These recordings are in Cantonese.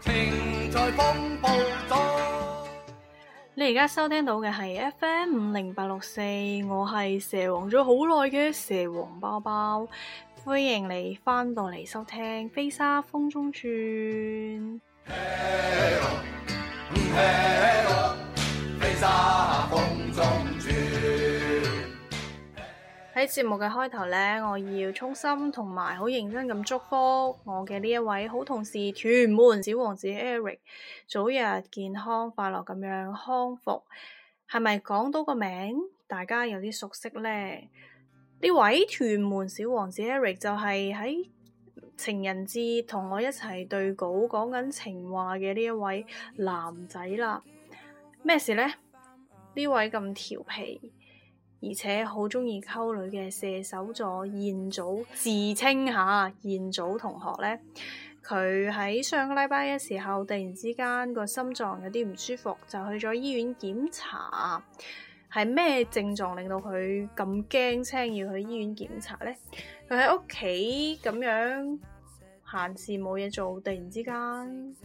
情在風暴中，你而家收聽到嘅係 FM 五零八六四，我係蛇王咗好耐嘅蛇王包包，歡迎你翻到嚟收聽《飛沙風中轉》。喺節目嘅開頭咧，我要衷心同埋好認真咁祝福我嘅呢一位好同事屯門小王子 Eric，早日健康快樂咁樣康復。係咪講到個名，大家有啲熟悉呢？呢位屯門小王子 Eric 就係喺情人節同我一齊對稿講緊情話嘅呢一位男仔啦。咩事呢？呢位咁調皮？而且好中意溝女嘅射手座彥祖。自稱吓彥祖同學呢，佢喺上個禮拜嘅時候突然之間個心臟有啲唔舒服，就去咗醫院檢查。係咩症狀令到佢咁驚青，要去醫院檢查呢？佢喺屋企咁樣閒時冇嘢做，突然之間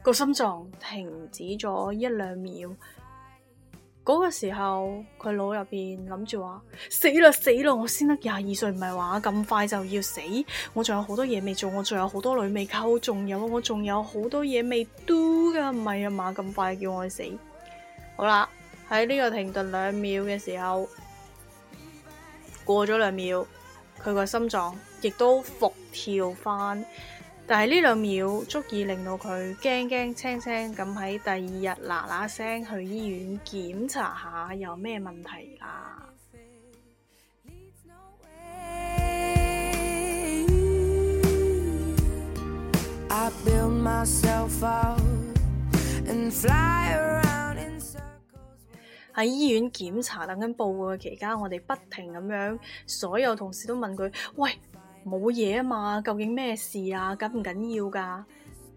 個心臟停止咗一兩秒。嗰個時候，佢腦入邊諗住話：死啦死啦，我先得廿二歲，唔係話咁快就要死。我仲有好多嘢未做，我仲有好多女未溝，仲有我仲有好多嘢未 do 噶，唔係啊嘛，咁快叫我死。好啦，喺呢個停頓兩秒嘅時候，過咗兩秒，佢個心臟亦都復跳返。但係呢兩秒足以令到佢驚驚青青咁喺第二日嗱嗱聲去醫院檢查下有咩問題啦。喺醫院檢查等緊報告嘅期間，我哋不停咁樣，所有同事都問佢：喂！冇嘢啊嘛，究竟咩事啊？緊唔緊要噶？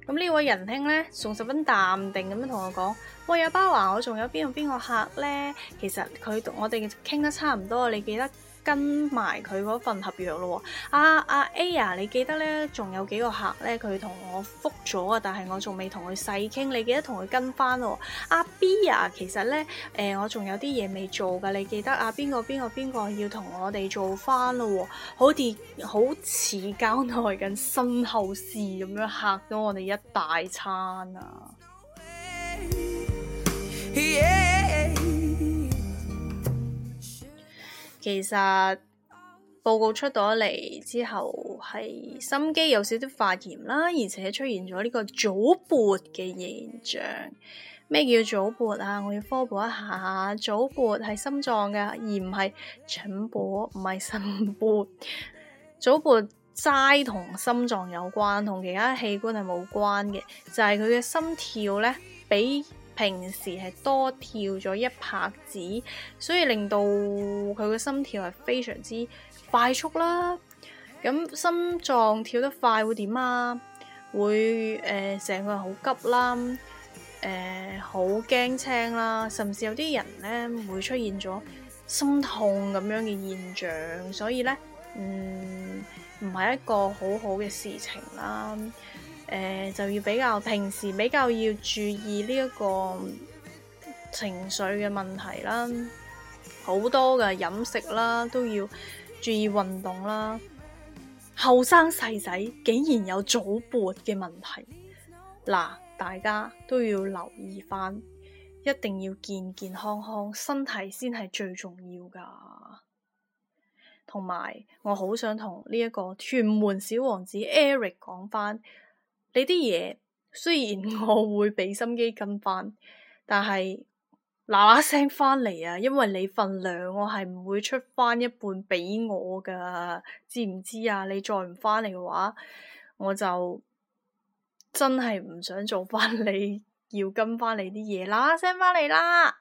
咁呢位仁兄呢，仲十分淡定咁樣同我講，喂阿巴華，我仲有邊個邊個客呢？其實佢同我哋傾得差唔多，你記得。跟埋佢嗰份合約咯，阿、啊、阿、啊、A 啊，你記得呢仲有幾個客呢？佢同我覆咗啊，但係我仲未同佢細傾，你記得同佢跟翻咯。阿 B 啊，其實呢，誒、呃，我仲有啲嘢未做噶，你記得啊？邊個邊個邊個要同我哋做翻咯？好似好似交代緊身後事咁樣，嚇咗我哋一大餐啊！Yeah. 其實報告出咗嚟之後，係心肌有少少發炎啦，而且出現咗呢個早搏嘅現象。咩叫早搏啊？我要科普一下，早搏係心臟嘅，而唔係腸搏，唔係腎搏。早搏齋同心臟有關，同其他器官係冇關嘅，就係佢嘅心跳咧比。平時係多跳咗一拍子，所以令到佢嘅心跳係非常之快速啦。咁心臟跳得快會點啊？會誒成、呃、個人好急啦，誒好驚青啦，甚至有啲人咧會出現咗心痛咁樣嘅現象，所以咧，嗯，唔係一個好好嘅事情啦。誒、呃，就要比較平時比較要注意呢一個情緒嘅問題啦，好多嘅飲食啦都要注意運動啦。後生細仔竟然有早勃嘅問題，嗱，大家都要留意翻，一定要健健康康，身體先係最重要噶。同埋，我好想同呢一個屯門小王子 Eric 講翻你啲嘢雖然我會畀心機跟返，但係嗱嗱聲返嚟啊！因為你份糧我係唔會出返一半畀我噶，知唔知啊？你再唔返嚟嘅話，我就真係唔想做返你要跟返你啲嘢，嗱嗱聲返嚟啦！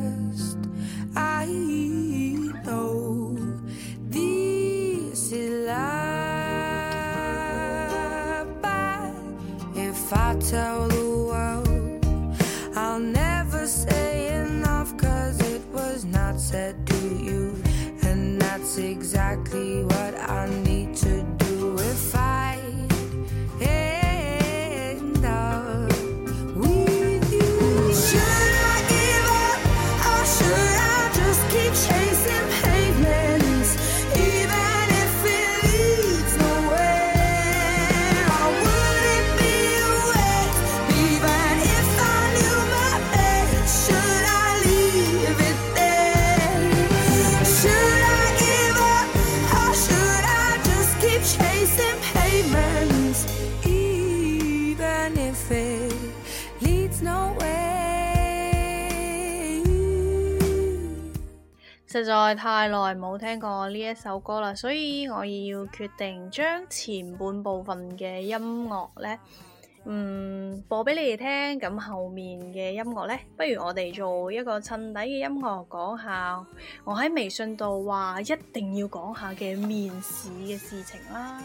實在太耐冇聽過呢一首歌啦，所以我要決定將前半部分嘅音樂呢，嗯，播俾你哋聽。咁後面嘅音樂呢，不如我哋做一個襯底嘅音樂，講下我喺微信度話一定要講下嘅面試嘅事情啦。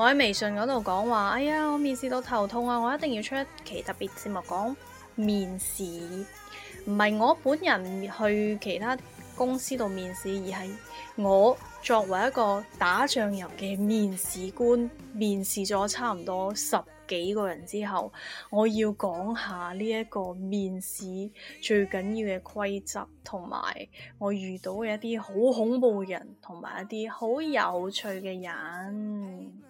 我喺微信嗰度講話，哎呀，我面試到頭痛啊！我一定要出一期特別節目講面試，唔係我本人去其他公司度面試，而係我作為一個打醬油嘅面試官，面試咗差唔多十幾個人之後，我要講下呢一個面試最緊要嘅規則，同埋我遇到嘅一啲好恐怖嘅人，同埋一啲好有趣嘅人。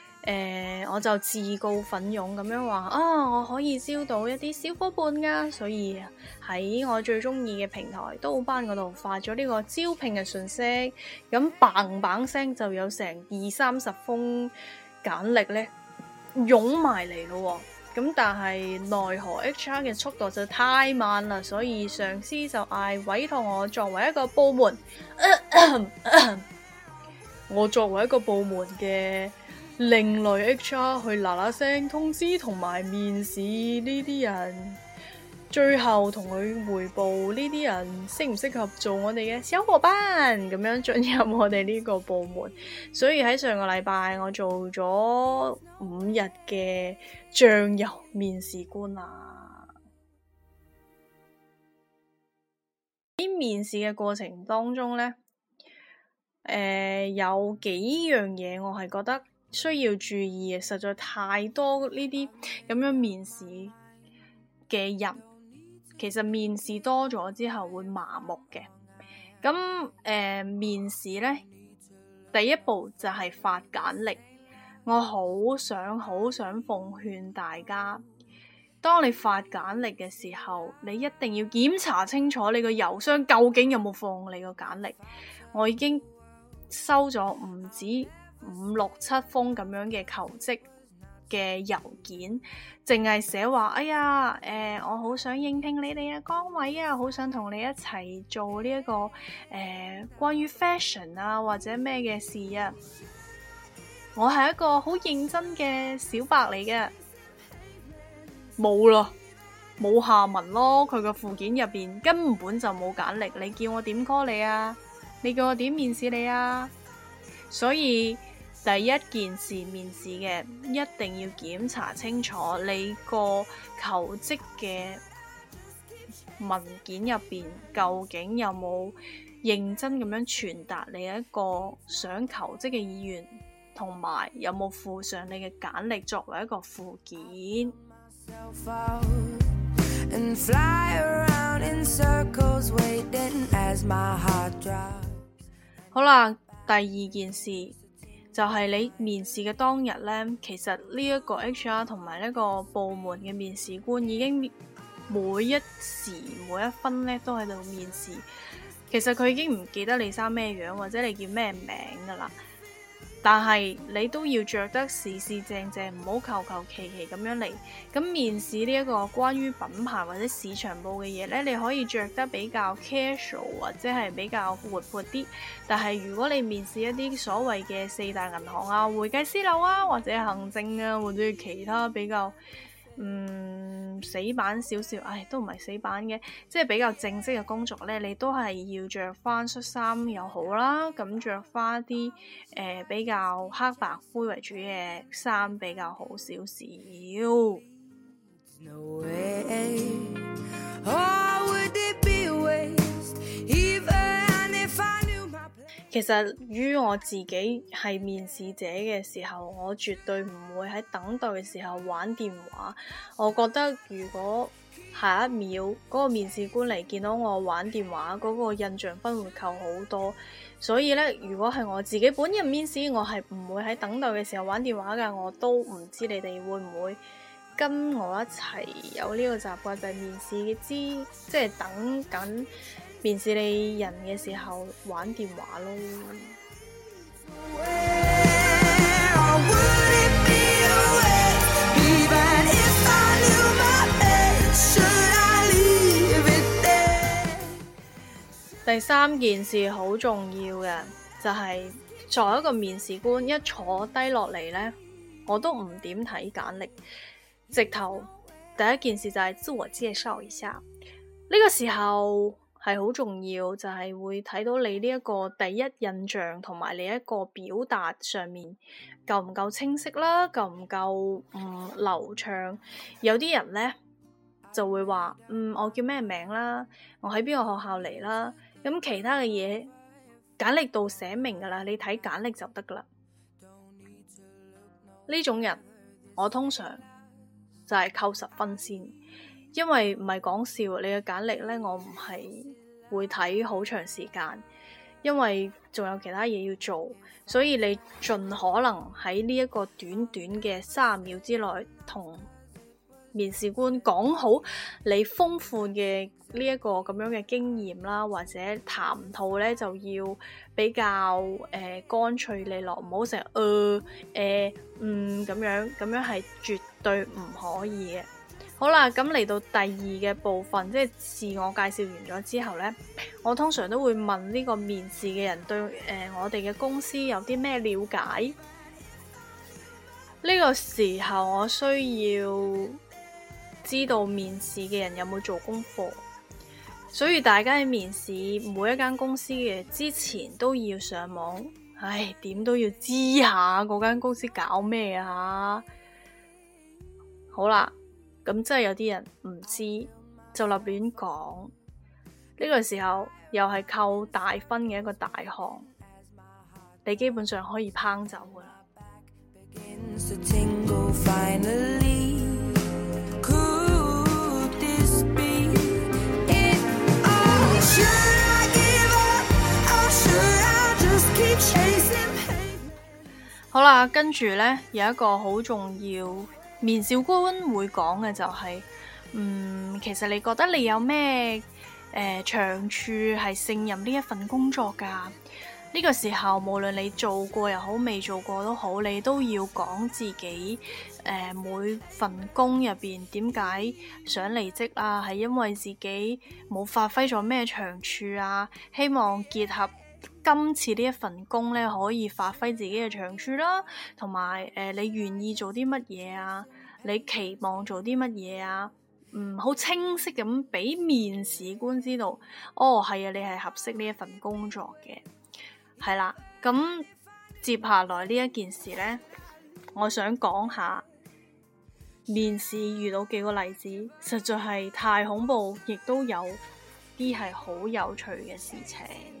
誒、呃，我就自告奮勇咁樣話啊，我可以招到一啲小伙伴噶，所以喺我最中意嘅平台豆瓣嗰度發咗呢個招聘嘅信息，咁砰砰聲就有成二三十封簡歷呢，湧埋嚟咯。咁但係奈何 HR 嘅速度就太慢啦，所以上司就嗌委託我作為一個部門，呃呃呃、我作為一個部門嘅。另類 HR 去嗱嗱聲通知同埋面試呢啲人，最後同佢匯報呢啲人適唔適合做我哋嘅小伙伴，咁樣進入我哋呢個部門。所以喺上個禮拜，我做咗五日嘅醬油面試官啊！喺面試嘅過程當中呢，誒、呃、有幾樣嘢我係覺得。需要注意嘅，實在太多呢啲咁樣面試嘅人，其實面試多咗之後會麻木嘅。咁誒、呃，面試呢，第一步就係發簡歷。我好想好想奉勸大家，當你發簡歷嘅時候，你一定要檢查清楚你個郵箱究竟有冇放你個簡歷。我已經收咗唔止五六七封咁樣嘅求職嘅郵件，淨係寫話，哎呀，誒、呃，我好想應聘你哋嘅崗位、這個呃、啊，好想同你一齊做呢一個誒關於 fashion 啊或者咩嘅事啊。我係一個好認真嘅小白嚟嘅，冇啦，冇下文咯。佢個附件入邊根本就冇簡歷，你叫我點 call 你啊？你叫我點面試你啊？所以。第一件事，面試嘅一定要檢查清楚你個求職嘅文件入邊究竟有冇認真咁樣傳達你一個想求職嘅意願，同埋有冇附上你嘅簡歷作為一個附件。 好啦，第二件事。就係你面試嘅當日呢，其實呢一個 HR 同埋呢個部門嘅面試官已經每一時每一分呢都喺度面試，其實佢已經唔記得你生咩樣或者你叫咩名㗎喇。但係你都要着得時時正正，唔好求求其其咁樣嚟。咁面試呢一個關於品牌或者市場部嘅嘢呢，你可以着得比較 casual 或者係比較活潑啲。但係如果你面試一啲所謂嘅四大銀行啊、會計師樓啊，或者行政啊，或者其他比較。嗯，死板少少，唉，都唔係死板嘅，即係比較正式嘅工作咧，你都係要着翻恤衫又好啦，咁着翻啲誒比較黑白灰為主嘅衫比較好少少。 其實於我自己係面試者嘅時候，我絕對唔會喺等待嘅時候玩電話。我覺得如果下一秒嗰個面試官嚟見到我玩電話，嗰個印象分會扣好多。所以呢，如果係我自己本人面試，我係唔會喺等待嘅時候玩電話㗎。我都唔知你哋會唔會跟我一齊有呢個習慣，就係面試嘅知，即係等緊。面試你人嘅時候玩電話咯。第三件事好重要嘅，就係作為一個面試官一坐低落嚟呢，我都唔點睇簡歷，直頭第一件事就係自我介紹一下，呢個時候。係好重要，就係會睇到你呢一個第一印象同埋你一個表達上面夠唔夠清晰啦，夠唔夠嗯流暢？有啲人呢就會話：嗯，我叫咩名啦，我喺邊個學校嚟啦。咁其他嘅嘢簡歷度寫明㗎啦，你睇簡歷就得㗎啦。呢種人我通常就係扣十分先。因為唔係講笑，你嘅簡歷呢，我唔係會睇好長時間，因為仲有其他嘢要做，所以你盡可能喺呢一個短短嘅三十秒之內，同面試官講好你豐富嘅呢一個咁樣嘅經驗啦，或者談吐呢，就要比較誒、呃、乾脆利落，唔好成日「呃」呃、嗯、誒、嗯咁樣，咁樣係絕對唔可以嘅。好啦，咁嚟到第二嘅部分，即係自我介紹完咗之後呢，我通常都會問呢個面試嘅人對誒、呃，我哋嘅公司有啲咩了解？呢、呢個時候我需要知道面試嘅人有冇做功課，所以大家喺面試每一間公司嘅之前都要上網，唉，點都要知下嗰間公司搞咩呀。好啦。咁即係有啲人唔知就立亂講，呢個時候又係扣大分嘅一個大項，你基本上可以烹走噶啦。 好啦，跟住咧有一個好重要。面試官會講嘅就係、是，嗯，其實你覺得你有咩誒、呃、長處係勝任呢一份工作㗎？呢、這個時候無論你做過又好，未做過都好，你都要講自己誒、呃、每份工入邊點解想離職啊？係因為自己冇發揮咗咩長處啊？希望結合，今次呢一份工咧，可以發揮自己嘅長處啦，同埋誒，你願意做啲乜嘢啊？你期望做啲乜嘢啊？嗯，好清晰嘅咁，俾面試官知道，哦，係啊，你係合適呢一份工作嘅，係啦。咁、嗯、接下來呢一件事呢，我想講下面試遇到幾個例子，實在係太恐怖，亦都有啲係好有趣嘅事情。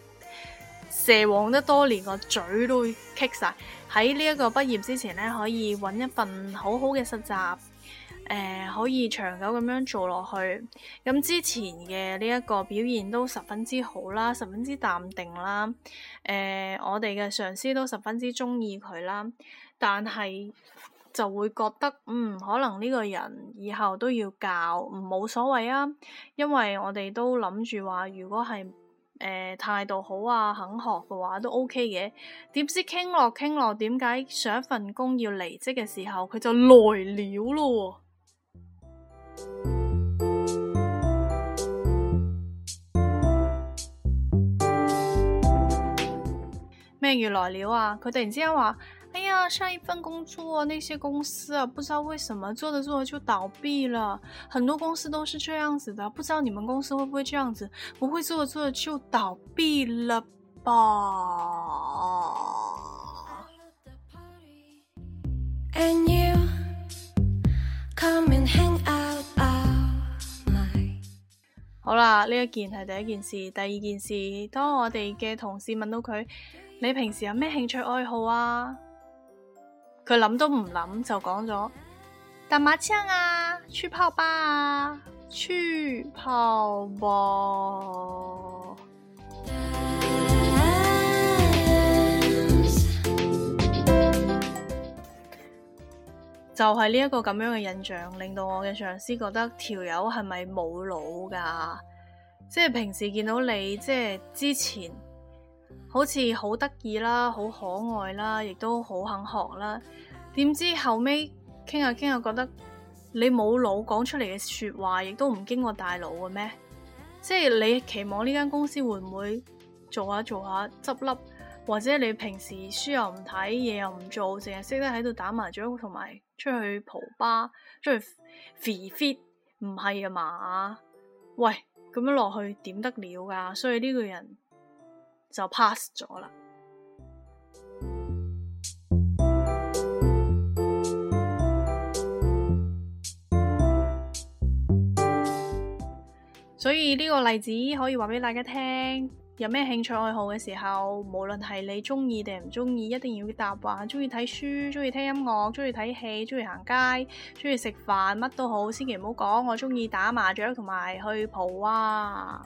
蛇王得多年個嘴都會棘晒，喺呢一個畢業之前呢，可以揾一份好好嘅實習，誒、呃，可以長久咁樣做落去。咁之前嘅呢一個表現都十分之好啦，十分之淡定啦，誒、呃，我哋嘅上司都十分之中意佢啦。但係就會覺得，嗯，可能呢個人以後都要教，冇所謂啊。因為我哋都諗住話，如果係。誒，態度好啊，肯學嘅話都 OK 嘅。點知傾落傾落，點解上一份工要離職嘅時候，佢就來了咯？咩叫來了啊？佢突然之間話。哎呀，上一份工作那些公司啊，不知道為什麼做着做着就倒閉了。很多公司都是這樣子的，不知道你們公司會不會這樣子，不會做着做着就倒閉了吧？You, 好啦，呢一件係第一件事，第二件事，當我哋嘅同事問到佢，你平時有咩興趣愛好啊？佢諗都唔諗就講咗打麻將啊，出泡吧，出泡吧， 就係呢一個咁樣嘅印象，令到我嘅上司覺得條友係咪冇腦噶？即係平時見到你，即係之前。好似好得意啦，好可愛啦，亦都好肯學啦。點知後尾傾下傾下，聊聊覺得你冇腦講出嚟嘅説話，亦都唔經過大腦嘅咩？即係你期望呢間公司會唔會做下做下執笠？或者你平時書又唔睇，嘢又唔做，淨係識得喺度打麻雀同埋出去蒲吧，出去肥 fit，唔係啊嘛？喂，咁樣落去點得了㗎？所以呢個人。就 pass 咗啦。所以呢個例子可以話俾大家聽，有咩興趣愛好嘅時候，無論係你中意定唔中意，一定要答話中意睇書、中意聽音樂、中意睇戲、中意行街、中意食飯，乜都好，千祈唔好講我中意打麻雀同埋去蒲啊！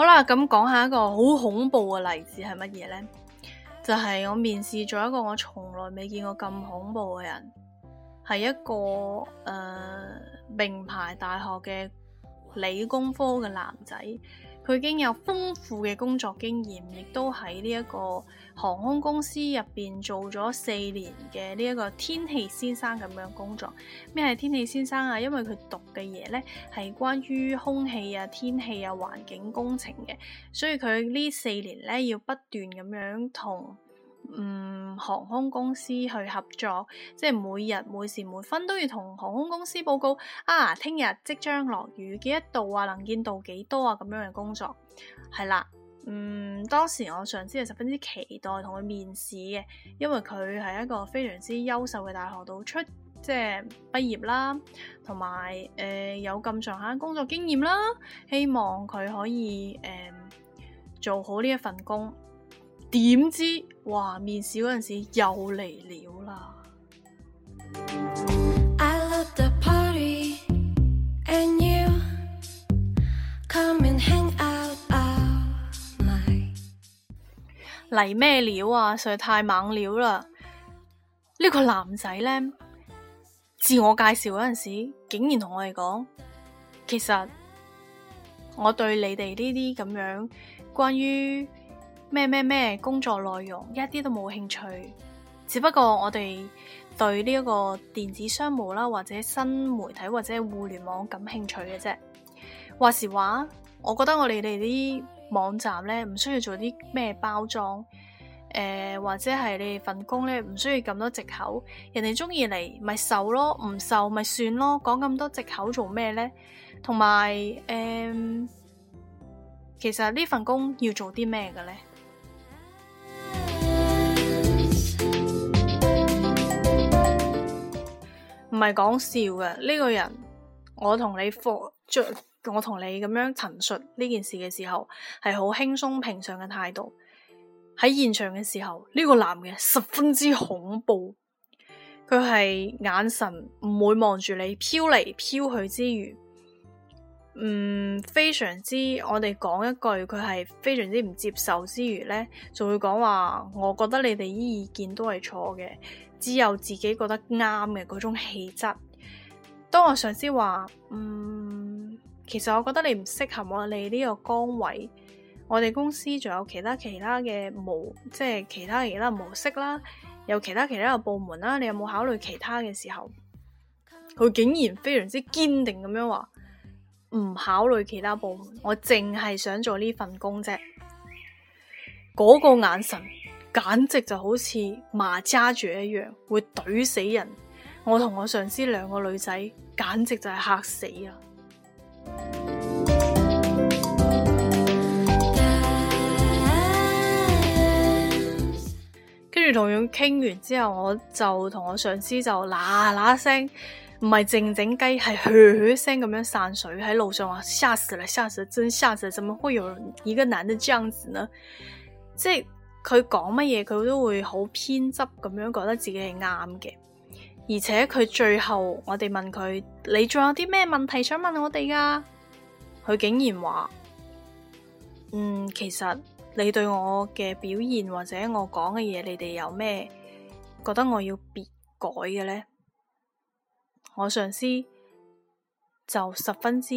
好啦，咁講下一個好恐怖嘅例子係乜嘢呢？就係、是、我面試咗一個我從來未見過咁恐怖嘅人，係一個誒、呃、名牌大學嘅理工科嘅男仔。佢已經有豐富嘅工作經驗，亦都喺呢一個航空公司入邊做咗四年嘅呢一個天氣先生咁樣工作。咩係天氣先生啊？因為佢讀嘅嘢呢係關於空氣啊、天氣啊、環境工程嘅，所以佢呢四年呢要不斷咁樣同。嗯，航空公司去合作，即係每日每時每分都要同航空公司報告啊，聽日即將落雨，幾多度啊，能見度幾多啊，咁樣嘅工作係啦。嗯，當時我上司係十分之期待同佢面試嘅，因為佢係一個非常之優秀嘅大學度出即係畢業啦，同埋誒有咁、呃、長嘅工作經驗啦，希望佢可以誒、呃、做好呢一份工，點知？哇！面試嗰陣時又嚟料啦！嚟咩料啊？實在太猛料啦！呢個男仔咧，自我介紹嗰陣時，竟然同我哋講，其實我對你哋呢啲咁樣關於咩咩咩工作內容一啲都冇興趣，只不過我哋對呢一個電子商務啦，或者新媒體或者互聯網感興趣嘅啫。話時話，我覺得我哋哋啲網站呢，唔需要做啲咩包裝，誒、呃，或者係你哋份工呢，唔需要咁多借口。人哋中意嚟，咪受咯，唔受咪算咯，講咁多借口做咩呢？同埋，誒、呃，其實呢份工要做啲咩嘅呢？唔係講笑嘅，呢個人，我同你課着，我同你咁樣陳述呢件事嘅時候，係好輕鬆平常嘅態度。喺現場嘅時候，呢個男嘅十分之恐怖，佢係眼神唔會望住你飄嚟飄去之餘。嗯，非常之，我哋講一句，佢係非常之唔接受之餘呢，就會講話，我覺得你哋啲意見都係錯嘅，只有自己覺得啱嘅嗰種氣質。當我上司話，嗯，其實我覺得你唔適合我哋呢個崗位，我哋公司仲有其他其他嘅模，即係其他其他模式啦，有其他其他嘅部門啦，你有冇考慮其他嘅時候？佢竟然非常之堅定咁樣話。唔考慮其他部門，我淨係想做呢份工啫。嗰個眼神簡直就好似麻揸住一樣，會懟死人。我同我上司兩個女仔簡直就係嚇死啊！ 跟住同佢傾完之後，我就同我上司就嗱嗱聲。唔係靜靜雞，係嘘嘘聲咁樣散水喺路上話：吓死啦，吓死，真吓死！怎麼會有一個男的這樣子呢？即係佢講乜嘢，佢都會好偏執咁樣覺得自己係啱嘅。而且佢最後我哋問佢：你仲有啲咩問題想問我哋噶？佢竟然話：嗯，其實你對我嘅表現或者我講嘅嘢，你哋有咩覺得我要別改嘅呢？」我上司就十分之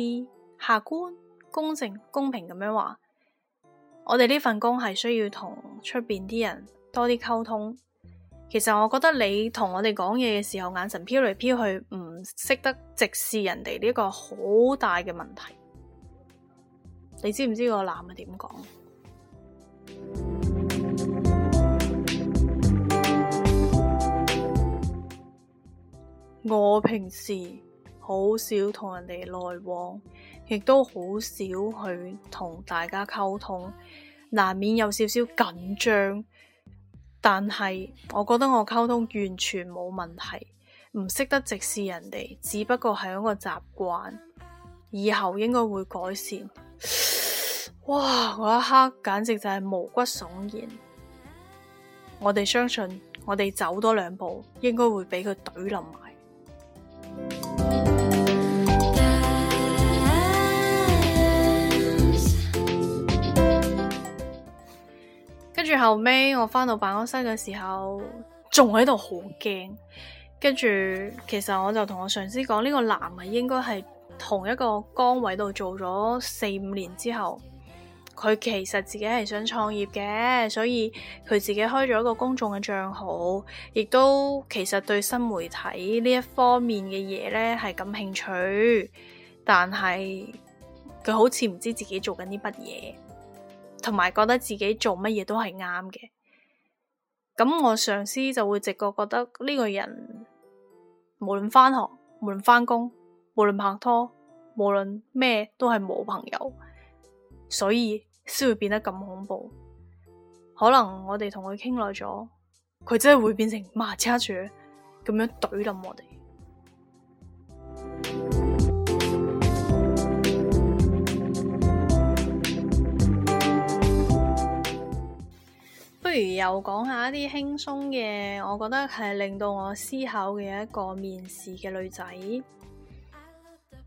客觀公正公平咁樣話，我哋呢份工係需要同出邊啲人多啲溝通。其實我覺得你同我哋講嘢嘅時候，眼神飄嚟飄去，唔識得直視人哋呢個好大嘅問題。你知唔知個男嘅點講？我平時好少同人哋來往，亦都好少去同大家溝通，難免有少少緊張。但係我覺得我溝通完全冇問題，唔識得直視人哋，只不過係一個習慣，以後應該會改善。哇！嗰一刻簡直就係毛骨悚然。我哋相信，我哋走多兩步，應該會俾佢懟冧。跟住後尾我翻到辦公室嘅時候，仲喺度好驚。跟住其實我就同我上司講，呢個男嘅應該係同一個崗位度做咗四五年之後。佢其實自己係想創業嘅，所以佢自己開咗一個公眾嘅帳號，亦都其實對新媒體呢一方面嘅嘢呢係感興趣。但係佢好似唔知自己做緊啲乜嘢，同埋覺得自己做乜嘢都係啱嘅。咁我上司就會直覺覺得呢個人無論返學、無論返工、無論拍拖、無論咩都係冇朋友。所以先會變得咁恐怖，可能我哋同佢傾耐咗，佢真係會變成麻雀住咁樣懟冧我哋。不如又講下一啲輕鬆嘅，我覺得係令到我思考嘅一個面試嘅女仔。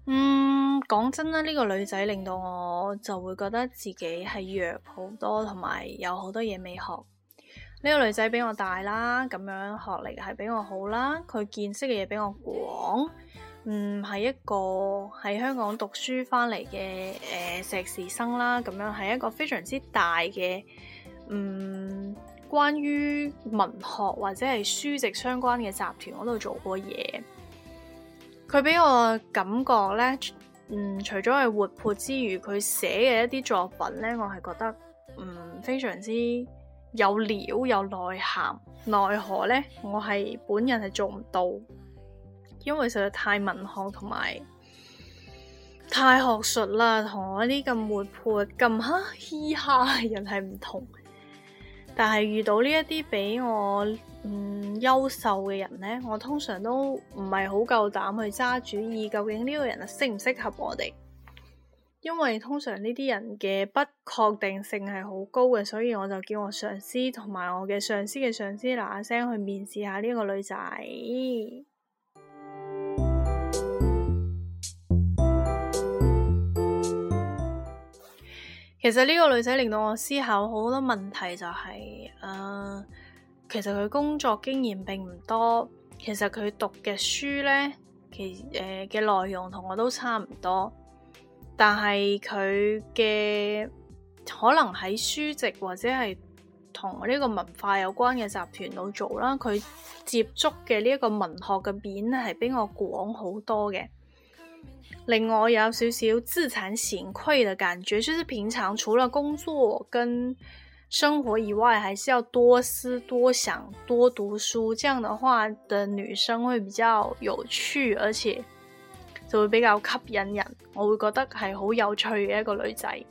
嗯，講真啦，呢個女仔令到我就會覺得自己係弱好多，同埋有好多嘢未學。呢個女仔比我大啦，咁樣學歷係比我好啦，佢見識嘅嘢比我廣。嗯，係一個喺香港讀書翻嚟嘅誒碩士生啦，咁樣係一個非常之大嘅嗯關於文學或者係書籍相關嘅集團嗰度做過嘢。佢俾我感覺咧，嗯，除咗係活潑之餘，佢寫嘅一啲作品咧，我係覺得，嗯，非常之有料，有內涵，奈何咧，我係本人係做唔到，因為實在太文學同埋太學術啦，同我啲咁活潑咁哈嘻哈人係唔同。但係遇到呢一啲俾我。嗯，優秀嘅人呢，我通常都唔係好夠膽去揸主意，究竟呢個人適唔適合我哋？因為通常呢啲人嘅不確定性係好高嘅，所以我就叫我上司同埋我嘅上司嘅上司嗱嗱聲去面試下呢個女仔。其實呢個女仔令到我思考好多問題，就是，就係誒。其實佢工作經驗並唔多，其實佢讀嘅書呢，其誒嘅、呃、內容同我都差唔多，但係佢嘅可能喺書籍或者係同呢個文化有關嘅集團度做啦，佢接觸嘅呢一個文學嘅面咧係比我廣好多嘅。令我有少少自慚形穢嘅感覺，即係平常除咗工作跟。生活以外，還是要多思多想、多讀書，這樣的話的女生會比較有趣，而且就會比較吸引人。我會覺得係好有趣嘅一個女仔。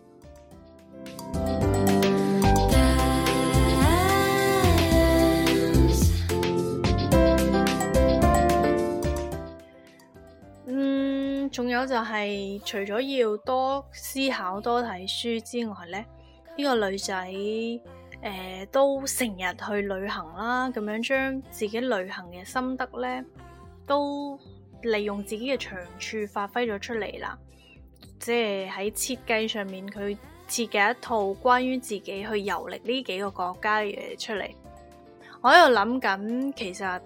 嗯，仲有就係除咗要多思考、多睇書之外咧。呢個女仔誒、呃，都成日去旅行啦，咁樣將自己旅行嘅心得咧，都利用自己嘅長處發揮咗出嚟啦。即係喺設計上面，佢設計一套關於自己去遊歷呢幾個國家嘅嘢出嚟。我喺度諗緊，其實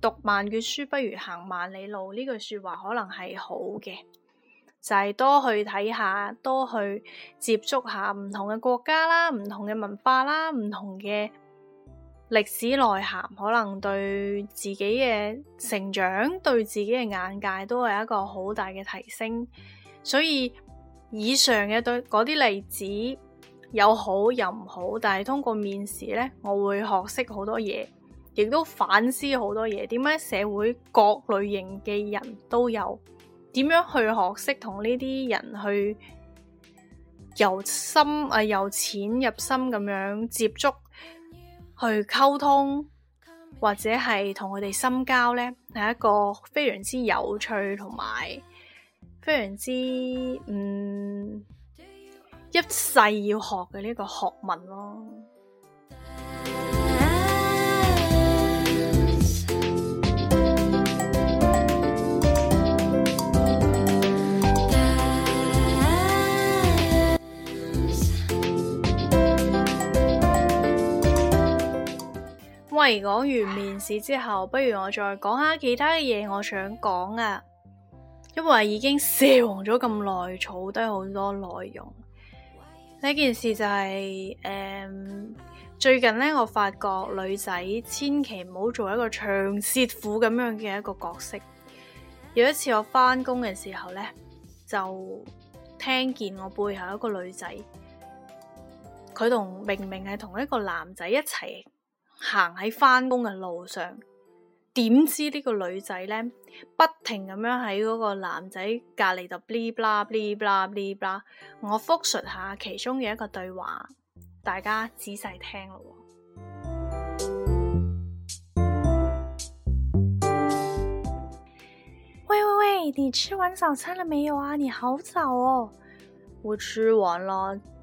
讀萬卷書不如行萬里路呢句說話，可能係好嘅。就係多去睇下，多去接觸下唔同嘅國家啦，唔同嘅文化啦，唔同嘅歷史內涵，可能對自己嘅成長，對自己嘅眼界都係一個好大嘅提升。所以以上嘅對嗰啲例子有好又唔好，但係通過面試呢，我會學識好多嘢，亦都反思好多嘢。點解社會各類型嘅人都有？點樣去學識同呢啲人去由深啊，由淺入深咁樣接觸去溝通，或者係同佢哋深交呢？係一個非常之有趣同埋非常之嗯，一世要學嘅呢個學問咯。講完面試之後，不如我再講下其他嘅嘢，我想講啊，因為已經笑咗咁耐，儲低好多內容。呢件事就係、是、誒、嗯，最近呢，我發覺女仔千祈唔好做一個長舌婦咁樣嘅一個角色。有一次我翻工嘅時候呢，就聽見我背後一個女仔，佢同明明係同一個男仔一齊。行喺翻工嘅路上，點知呢個女仔咧不停咁樣喺嗰個男仔隔籬就嗶啦嗶啦嗶啦嗶啦。我複述下其中嘅一個對話，大家仔細聽咯。喂喂喂，你吃完早餐了沒有啊？你好早哦。我吃完啦。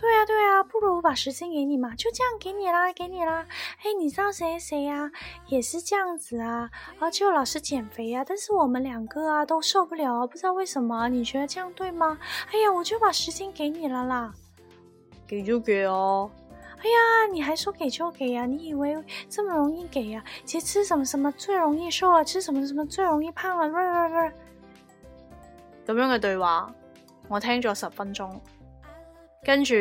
對啊，對啊，不如我把時間給你嘛，就這樣給你啦，給你啦。嘿、hey,，你知道誰誰呀、啊？也是這樣子啊，而且我老是減肥呀、啊，但是我們兩個啊都受不了、啊，不知道為什麼、啊。你覺得這樣對嗎？哎呀，我就把時間給你了啦，給就給哦。哎呀，你還說給就給呀、啊？你以為這麼容易給呀、啊？其實吃什麼什麼最容易瘦了，吃什麼什麼最容易胖了。喂喂喂，咁樣嘅對話，我聽咗十分鐘。跟住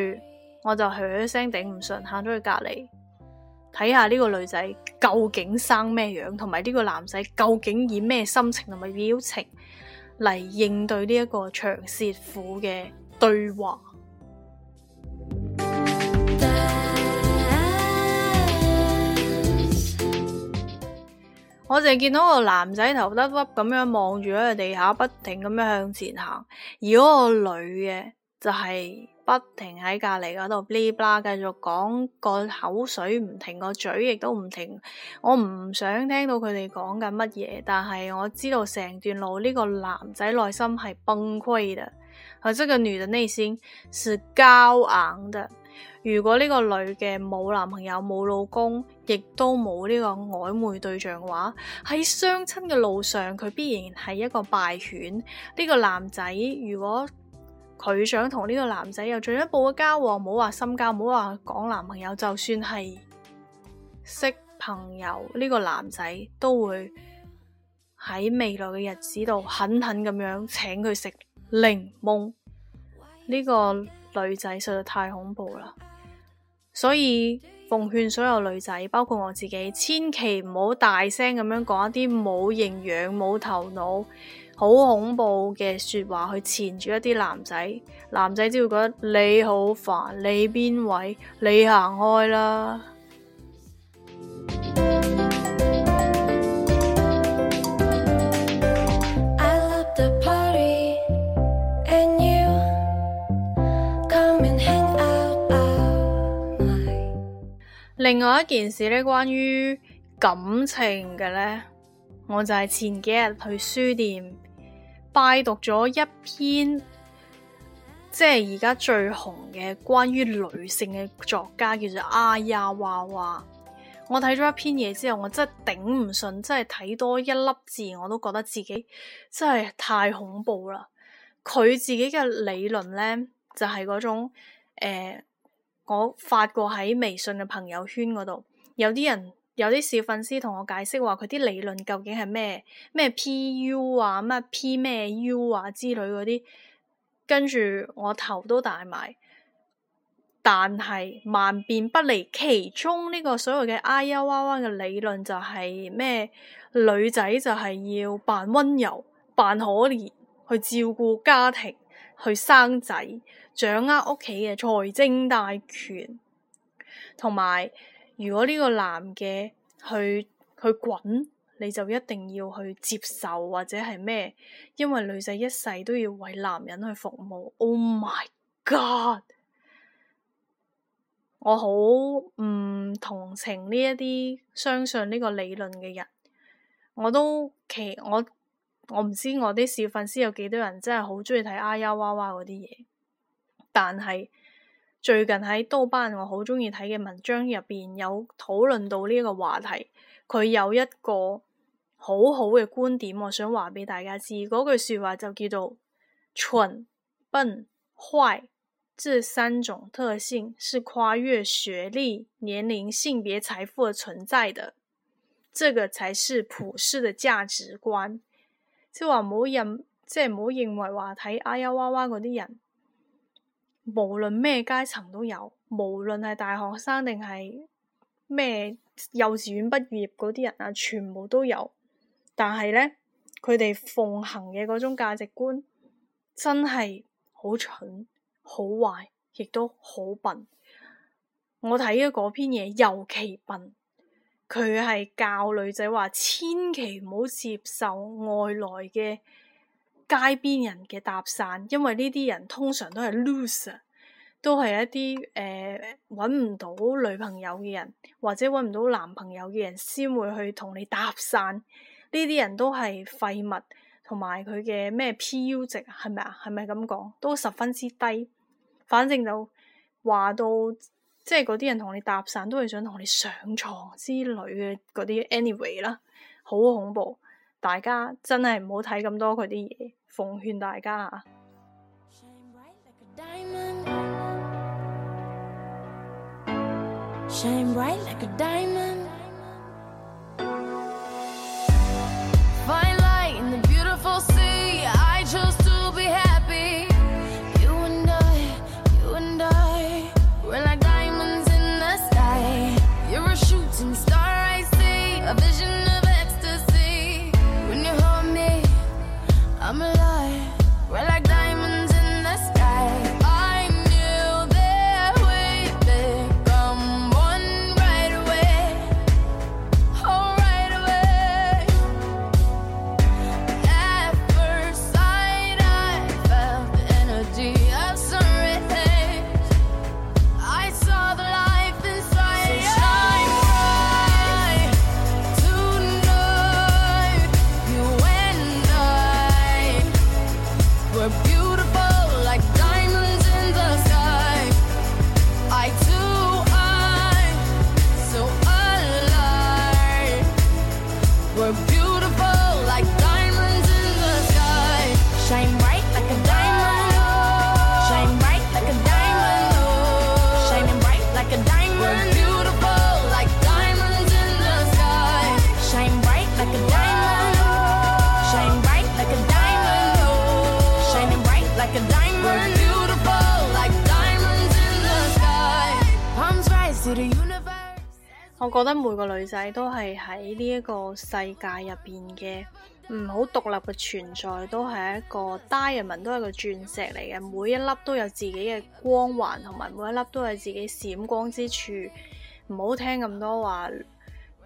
我就噓聲頂唔順，行咗去隔籬睇下呢個女仔究竟生咩樣，同埋呢個男仔究竟以咩心情同埋表情嚟應對呢一個長舌婦嘅對話。 我淨係見到個男仔頭得屈咁樣望住喺個地下，不停咁樣向前行，而嗰個女嘅就係、是。不停喺隔籬嗰度噼里啪，繼續講個口水唔停，個嘴亦都唔停。我唔想聽到佢哋講緊乜嘢，但係我知道成段路呢、這個男仔內心係崩潰的，和這個女的內心是膠硬的。如果呢個女嘅冇男朋友、冇老公，亦都冇呢個曖昧對象嘅話，喺相親嘅路上佢必然係一個敗犬。呢、這個男仔如果，佢想同呢個男仔有進一步嘅交往，唔好話深交，唔好話講男朋友，就算係識朋友，呢個男仔都會喺未來嘅日子度狠狠咁樣請佢食檸檬。呢個女仔實在太恐怖啦！所以奉勸所有女仔，包括我自己，千祈唔好大聲咁樣講一啲冇營養、冇頭腦。好恐怖嘅説話去纏住一啲男仔，男仔只會覺得你好煩，你邊位？你行開啦！另外一件事呢，關於感情嘅呢，我就係前幾日去書店。拜讀咗一篇，即係而家最紅嘅關於女性嘅作家，叫做阿亞華華。我睇咗一篇嘢之後，我真係頂唔順，真係睇多一粒字，我都覺得自己真係太恐怖啦。佢自己嘅理論呢，就係、是、嗰種，誒、呃，我發過喺微信嘅朋友圈嗰度，有啲人。有啲小粉絲同我解釋話佢啲理論究竟係咩咩 PU 啊，咩 P 咩 U 啊之類嗰啲，跟住我頭都大埋。但係萬變不離其中，呢個所謂嘅 I U 娃娃嘅理論就係咩女仔就係要扮溫柔、扮可憐，去照顧家庭、去生仔、掌握屋企嘅財政大權，同埋。如果呢個男嘅去去滾，你就一定要去接受或者係咩？因為女仔一世都要為男人去服務。Oh my god！我好唔同情呢一啲相信呢個理論嘅人。我都其我我唔知我啲小粉絲有幾多人真係好鍾意睇啊呀娃娃嗰啲嘢，但係。最近喺豆瓣，我好中意睇嘅文章入邊有討論到呢一個話題，佢有一個好好嘅觀點，我想話畀大家知。嗰句說話就叫做蠢、笨、壞，這三種特性是跨越學歷、年齡、性別、財富嘅存在的。這個才是普世嘅價值觀，即係話唔好認，即係唔好認為話睇阿、哎、呀哇哇嗰啲人。無論咩階層都有，無論係大學生定係咩幼稚園畢業嗰啲人啊，全部都有。但係呢，佢哋奉行嘅嗰種價值觀真係好蠢、好壞，亦都好笨。我睇嘅嗰篇嘢尤其笨，佢係教女仔話，千祈唔好接受外來嘅街邊人嘅搭訕，因為呢啲人通常都係 loser，都係一啲誒搵唔到女朋友嘅人，或者搵唔到男朋友嘅人，先會去同你搭訕。呢啲人都係廢物，同埋佢嘅咩 PU 值，係咪啊？係咪咁講？都十分之低。反正就話到，即係嗰啲人同你搭訕，都係想同你上床之類嘅嗰啲 anyway 啦，好恐怖。大家真係唔好睇咁多佢啲嘢，奉勸大家啊！ 覺得每個女仔都係喺呢一個世界入邊嘅唔好獨立嘅存在，都係一個 diamond 都係個鑽石嚟嘅，每一粒都有自己嘅光環，同埋每一粒都有自己閃光之處。唔好聽咁多話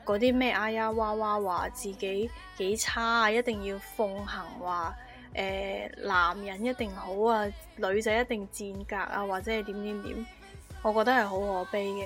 嗰啲咩哎呀哇哇話自己幾差啊！一定要奉行話誒、呃、男人一定好啊，女仔一定賤格啊，或者係點點點，我覺得係好可悲嘅。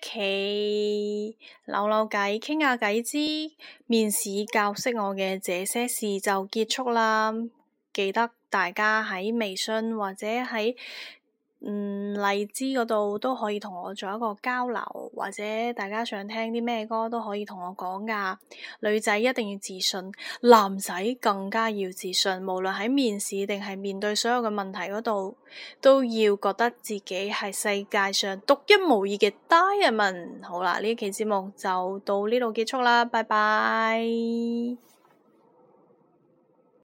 企扭扭計，傾下計之面試教識我嘅這些事就結束啦。記得大家喺微信或者喺。嗯，荔枝嗰度都可以同我做一個交流，或者大家想聽啲咩歌都可以同我講㗎。女仔一定要自信，男仔更加要自信。無論喺面試定係面對所有嘅問題嗰度，都要覺得自己係世界上獨一無二嘅 diamond。好啦，呢期節目就到呢度結束啦，拜拜。